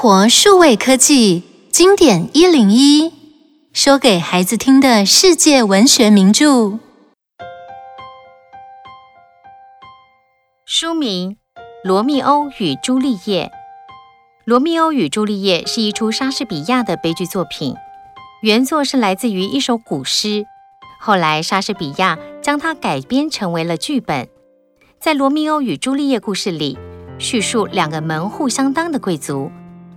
活數位科技經典一零一，說給孩子聽的世界文學名著。書名《羅密歐與朱麗葉》。羅密歐與朱麗葉，朱麗葉是一出莎士比亞的悲劇作品，原作是來自於一首古詩，後來莎士比亞將它改編成為了劇本。在羅密歐與朱麗葉故事裡，敘述兩個門戶相當的貴族。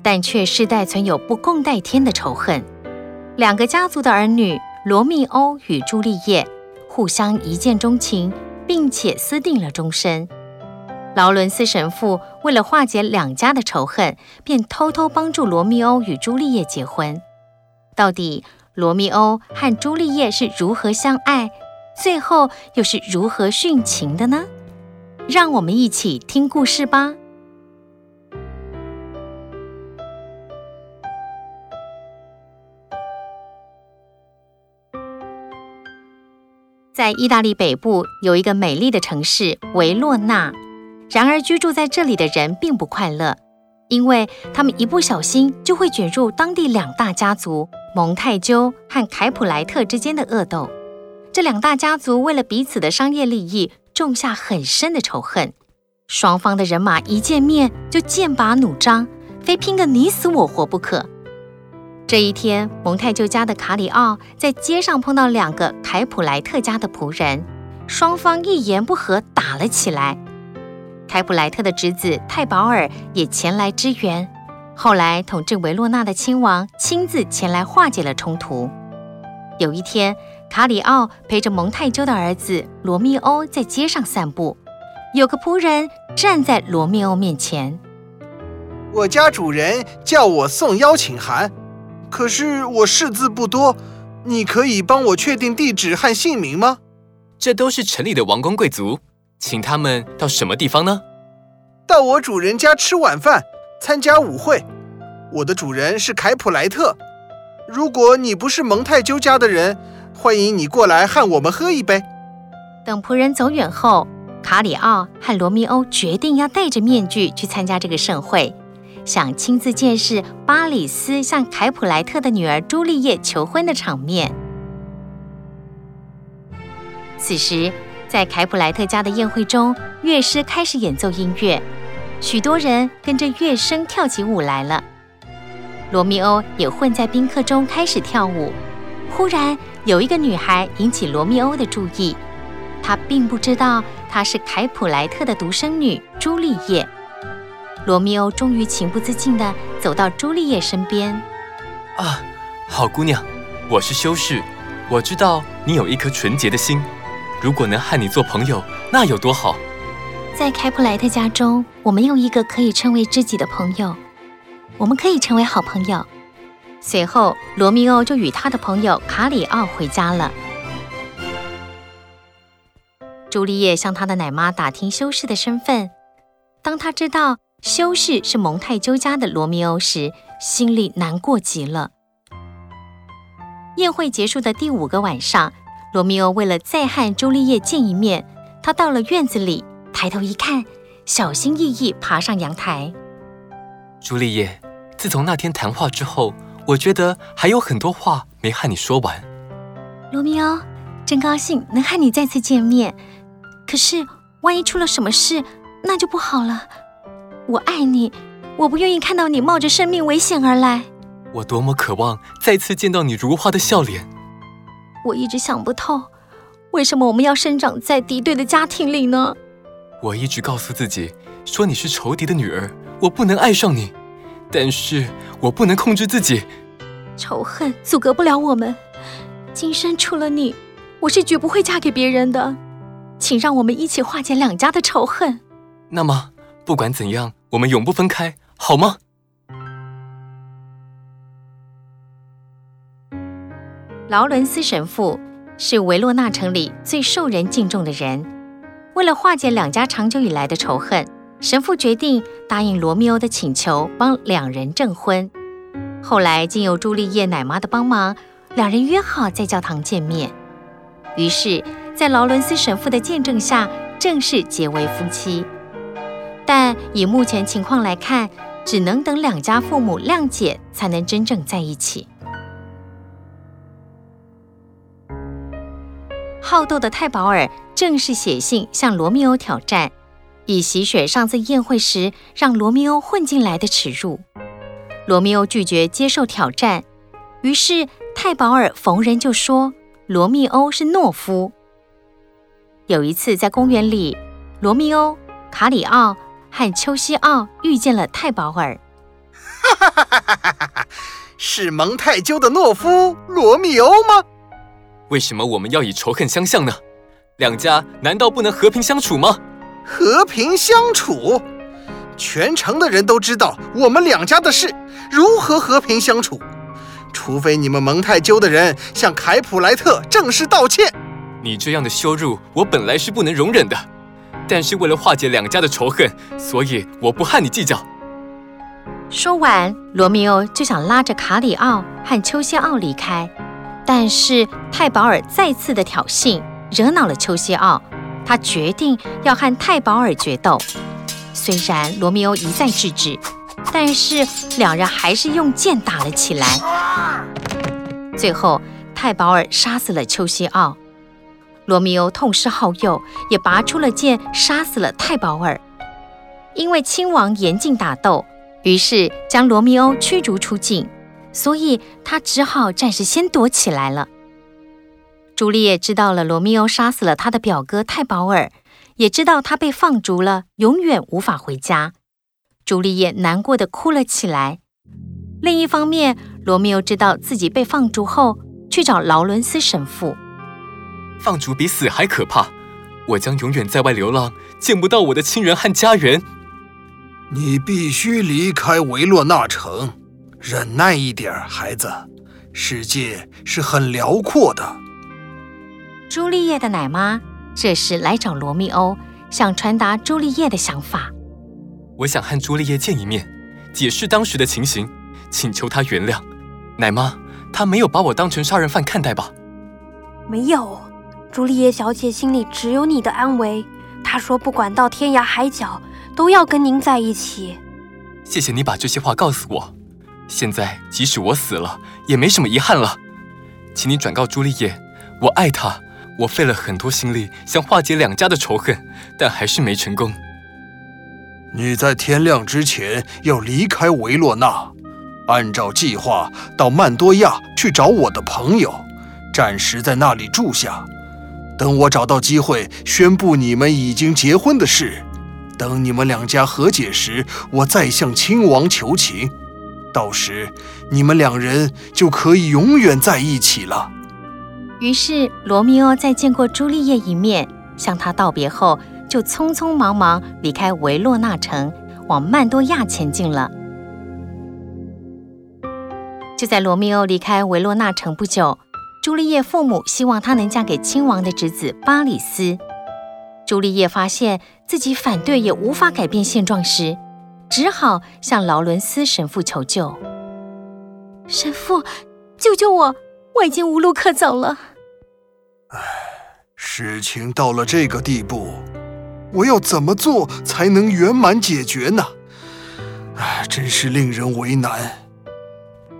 但卻世代存有不共戴天的仇恨。兩個家族的兒女羅密歐與朱麗葉互相一見鍾情，並且私定了終身。勞倫斯神父為了化解兩家的仇恨，便偷偷幫助羅密歐與朱麗葉結婚。到底羅密歐和朱麗葉是如何相愛，最後又是如何殉情的呢？讓我們一起聽故事吧。在意大利北部有一個美麗的城市維洛納，然而居住在這裡的人並不快樂，因為他們一不小心就會捲入當地兩大家族蒙泰丘和凱普萊特之間的惡鬥。這兩大家族為了彼此的商業利益，種下很深的仇恨，雙方的人馬一見面就劍拔弩張，非拼個你死我活不可。這一天，蒙泰丘家的卡里奧在街上碰到兩個凱普萊特家的僕人，雙方一言不合打了起來。凱普萊特的侄子泰保爾也前來支援。後來，統治維洛納的親王親自前來化解了衝突。有一天，卡里奧陪着蒙泰丘的兒子羅密歐在街上散步，有個僕人站在羅密歐面前：“我家主人叫我送邀請函。”可是我識字不多，你可以幫我確定地址和姓名嗎？這都是城裡的王公貴族，請他們到什麼地方呢？到我主人家吃晚飯，參加舞會。我的主人是凱普萊特。如果你不是蒙太丘家的人，歡迎你過來和我們喝一杯。等僕人走遠後，卡里奧和羅密歐決定要戴着面具去參加這個盛會。想親自見識巴里斯向凱普萊特的女兒朱麗葉求婚的場面。此時，在凱普萊特家的宴會中，樂師開始演奏音樂，許多人跟着樂聲跳起舞來了。羅密歐也混在賓客中開始跳舞。忽然，有一個女孩引起羅密歐的注意，他並不知道她是凱普萊特的獨生女朱麗葉。羅密歐終於情不自禁地走到朱麗葉身邊，啊，好姑娘，我是修士，我知道你有一顆純潔的心，如果能和你做朋友，那有多好。在開普萊特家中，我們有一個可以稱為知己的朋友，我們可以成為好朋友。隨後，羅密歐就與他的朋友卡里奧回家了。 朱麗葉向她的奶媽打聽修士的身份，當她知道修士是蒙太丘家的羅密歐時，心裡難過極了。宴會結束的第五個晚上，羅密歐為了再和朱麗葉見一面，他到了院子裡，抬頭一看，小心翼翼爬上陽台。朱麗葉，自從那天談話之後，我覺得還有很多話沒和你說完。羅密歐，真高興能和你再次見面。可是，萬一出了什麼事，那就不好了。我愛你，我不願意看到你冒着生命危險而來。我多麼渴望再次見到你如花的笑臉。我一直想不透，為什麼我們要生長在敵對的家庭裡呢？我一直告訴自己，說你是仇敵的女兒，我不能愛上你。但是我不能控制自己。仇恨阻隔不了我們。今生除了你，我是絕不會嫁給別人的。請讓我們一起化解兩家的仇恨。那麼。不管怎樣，我們永不分開，好嗎？勞倫斯神父是維洛納城裡最受人敬重的人。為了化解兩家長久以來的仇恨，神父決定答應羅密歐的請求，幫兩人證婚。後來，經由朱麗葉奶媽的幫忙，兩人約好在教堂見面。於是，在勞倫斯神父的見證下，正式結為夫妻。但以目前情況來看，只能等兩家父母諒解，才能真正在一起。好鬥的泰保爾正式寫信向羅密歐挑戰，以洗雪上次宴會時讓羅密歐混進來的恥辱。羅密歐拒絕接受挑戰，於是泰保爾逢人就說羅密歐是懦夫。有一次在公園裡，羅密歐、卡里奧。漢丘西奧遇見了泰保爾， 是蒙泰鳩的懦夫羅密歐嗎？為什麼我們要以仇恨相向呢？兩家難道不能和平相處嗎？和平相處？全城的人都知道我們兩家的事，如何和平相處？除非你們蒙泰鳩的人向凱普萊特正式道歉。你這樣的羞辱，我本來是不能容忍的。但是為了化解兩家的仇恨，所以我不和你計較。說完，羅密歐就想拉着卡里奧和丘西奧離開，但是泰保爾再次的挑釁惹惱了丘西奧，他決定要和泰保爾決鬥。雖然羅密歐一再制止，但是兩人還是用劍打了起來。最後，泰保爾殺死了丘西奧。羅密歐痛失好友，也拔出了劍，殺死了泰保爾。因為親王嚴禁打鬥，於是將羅密歐驅逐出境，所以他只好暫時先躲起來了。朱麗葉知道了羅密歐殺死了他的表哥泰保爾，也知道他被放逐了，永遠無法回家。朱麗葉難過地哭了起來。另一方面，羅密歐知道自己被放逐後，去找勞倫斯神父。放逐比死還可怕，我將永遠在外流浪，見不到我的親人和家園。你必須離開維洛納城，忍耐一點，孩子。世界是很遼闊的。朱麗葉的奶媽，這時來找羅密歐，想傳達朱麗葉的想法。我想和朱麗葉見一面，解釋當時的情形，請求她原諒。奶媽，她沒有把我當成殺人犯看待吧？沒有。朱麗葉小姐心裡只有你的安危。她說：“不管到天涯海角，都要跟您在一起。”謝謝你把這些話告訴我。現在即使我死了，也沒什麼遺憾了。請你轉告朱麗葉，我愛她。我費了很多心力想化解兩家的仇恨，但還是沒成功。你在天亮之前要離開維洛納，按照計劃到曼多亞去找我的朋友，暫時在那裡住下。等我找到機會宣布你們已經結婚的事，等你們兩家和解時，我再向親王求情，到時你們兩人就可以永遠在一起了。於是，羅密歐在見過朱麗葉一面，向她道別後，就匆匆忙忙離開維洛納城，往曼多亞前進了。就在羅密歐離開維洛納城不久。朱麗葉父母希望她能嫁給親王的侄子巴里斯。茱麗葉發現自己反對也無法改變現狀時，只好向勞倫斯神父求救。神父，救救我！我已經無路可走了。唉，事情到了這個地步，我要怎麼做才能圓滿解決呢？唉，真是令人為難。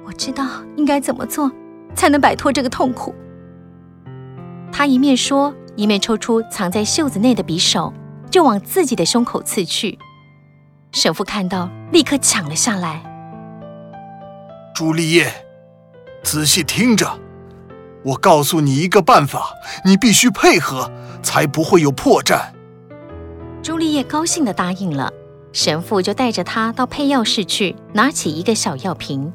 我知道應該怎麼做，才能擺脫這個痛苦。他一面說，一面抽出藏在袖子內的匕首，就往自己的胸口刺去。神父看到，立刻搶了下來。朱麗葉，仔細聽着，我告訴你一個辦法，你必須配合，才不會有破綻。朱麗葉高興地答應了。神父就帶着他到配藥室去，拿起一個小藥瓶，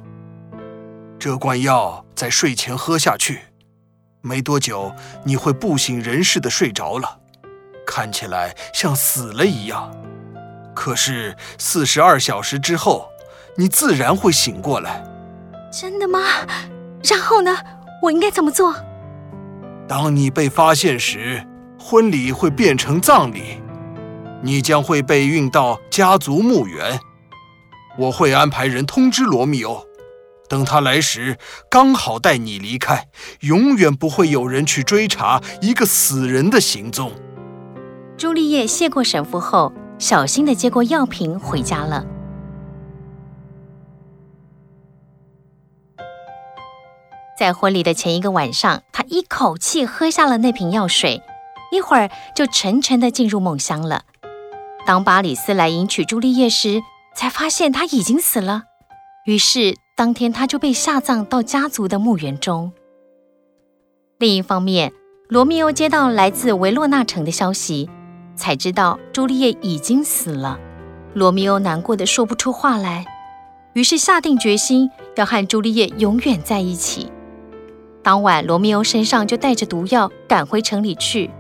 這罐藥。在睡前喝下去，沒多久你會不省人事地睡着了，看起來像死了一樣。可是四十二小時之後，你自然會醒過來。真的嗎？然後呢？我應該怎麼做？當你被發現時，婚禮會變成葬禮，你將會被運到家族墓園。我會安排人通知羅密歐。等他來時，剛好帶你離開，永遠不會有人去追查一個死人的行蹤。朱麗葉謝過神父後，小心的接過藥瓶回家了。在婚禮的前一個晚上，他一口氣喝下了那瓶藥水，一會兒就沉沉的進入夢鄉了。當巴里斯來迎娶朱麗葉時，才發現她已經死了。於是，當天他就被下葬到家族的墓園中。另一方面，羅密歐接到來自維洛納城的消息，才知道朱麗葉已經死了。羅密歐難過的說不出話來，於是下定決心要和朱麗葉永遠在一起。當晚，羅密歐身上就帶着毒藥趕回城裡去。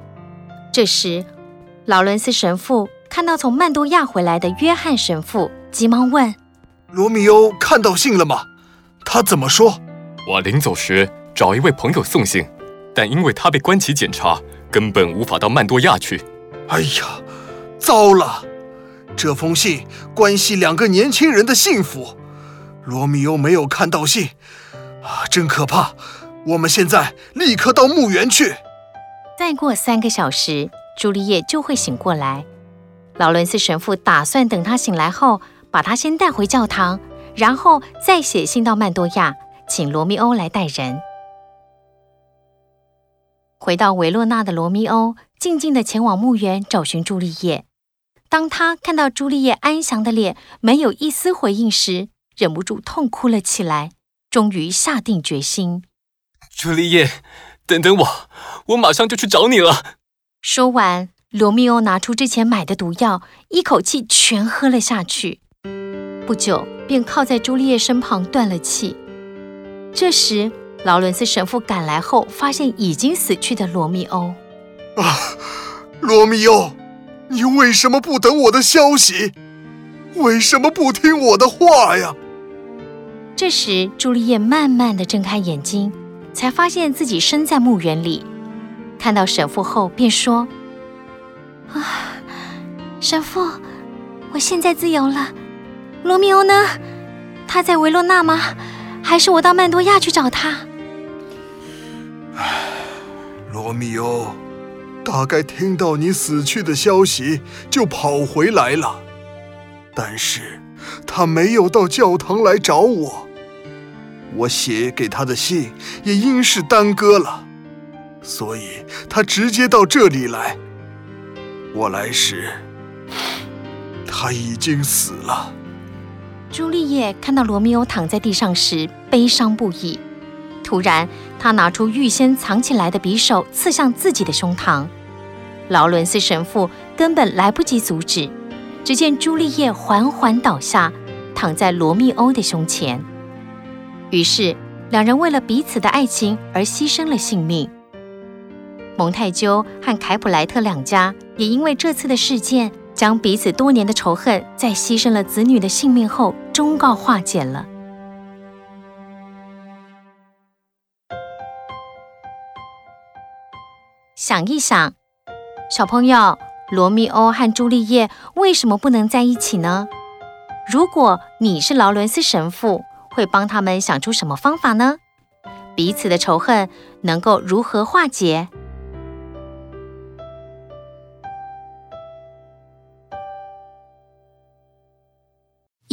這時，勞倫斯神父看到從曼多亞回來的約翰神父，急忙問，羅密歐看到信了嗎？他怎麼說？我臨走時找一位朋友送信，但因為他被關起檢查，根本無法到曼多亞去。哎呀，糟了！這封信關係兩個年輕人的幸福。羅密歐沒有看到信啊，真可怕！我們現在立刻到墓園去。再過三個小時，朱麗葉就會醒過來。勞倫斯神父打算等他醒來後。把他先帶回教堂，然後再寫信到曼多亞，請羅密歐來帶人。回到維洛納的羅密歐，靜靜地前往墓園找尋茱麗葉。當他看到茱麗葉安詳的臉，沒有一絲回應時，忍不住痛哭了起來，終於下定決心。茱麗葉，等等我，我馬上就去找你了。說完，羅密歐拿出之前買的毒藥，一口氣全喝了下去。不久便靠在朱麗葉身旁斷了氣。這時，勞倫斯神父趕來後，發現已經死去的羅密歐。啊，羅密歐，你為什麼不等我的消息？為什麼不聽我的話呀？這時，朱麗葉慢慢的睜開眼睛，才發現自己身在墓園裡。看到神父後，便說：“啊，神父，我現在自由了。”羅密歐呢？他在維羅納嗎？還是我到曼多亞去找他？啊，羅密歐大概聽到你死去的消息就跑回來了，但是他沒有到教堂來找我，我寫給他的信也因事耽擱了，所以他直接到這裡來。我來時他已經死了。朱麗葉看到羅密歐躺在地上時，悲傷不已。突然，她拿出預先藏起來的匕首，刺向自己的胸膛。勞倫斯神父根本來不及阻止，只見朱麗葉緩緩倒下，躺在羅密歐的胸前。於是，兩人為了彼此的愛情而犧牲了性命。蒙太鳩和凱普萊特兩家也因為這次的事件。將彼此多年的仇恨，在犧牲了子女的性命後，終告化解了。想一想，小朋友，羅密歐和朱麗葉為什麼不能在一起呢？如果你是勞倫斯神父，會幫他們想出什麼方法呢？彼此的仇恨能夠如何化解？